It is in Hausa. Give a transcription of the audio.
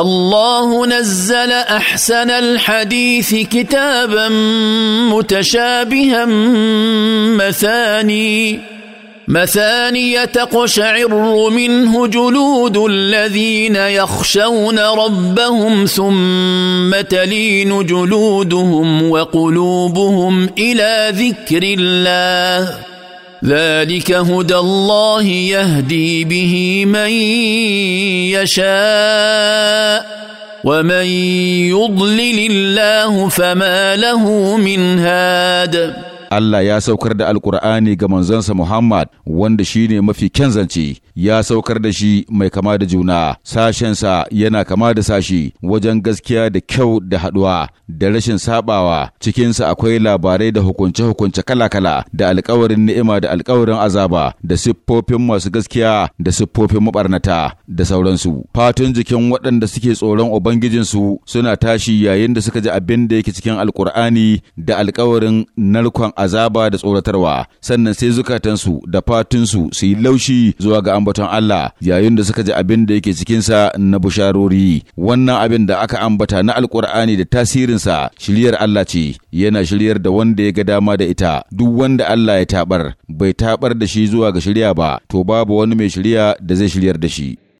الله نزل احسن الحديث كتابا متشابها مثاني مثاني تقشعر منه جلود الذين يخشون ربهم ثم تلين جلودهم وقلوبهم الى ذكر الله ذلك هدى الله يهدي به من يشاء ومن يضلل الله فما له من هاد Allah ya saukar da Alƙur'ani ga manzansa Muhammad wanda shi ne mafi kyan zance, ya saukar da shi mai kama da juna, sashensa yana kama da sashi wajen gaskiya da kyau da haɗuwa da rashin sabawa, cikinsa akwai labarai da hukunce-hukunce kala-kala da alkawarin ni'ima da alkawarin azaba da siffofin masu gaskiya da siffofin mabarnata da sauransu. Fatun jikin waɗanda suke tsoron Ubangijinsu suna tashi yayin da suka ji abin da yake cikin Alƙur'ani da alkawarin narkon azaba da tsoratarwa sannan sai zukatansu da fatunsu su yi laushi zuwa ga ambaton Allah yayin da suka ji abin da yake cikinsa na busharori wannan abin da aka ambata na alkur'ani da tasirinsa shiryar Allah ce yana shiryar da wanda ya ga dama da ita duk wanda Allah ya tabar bai tabar da shi zuwa ga shirya ba to babu wani mai shirya da zai shiryar da shi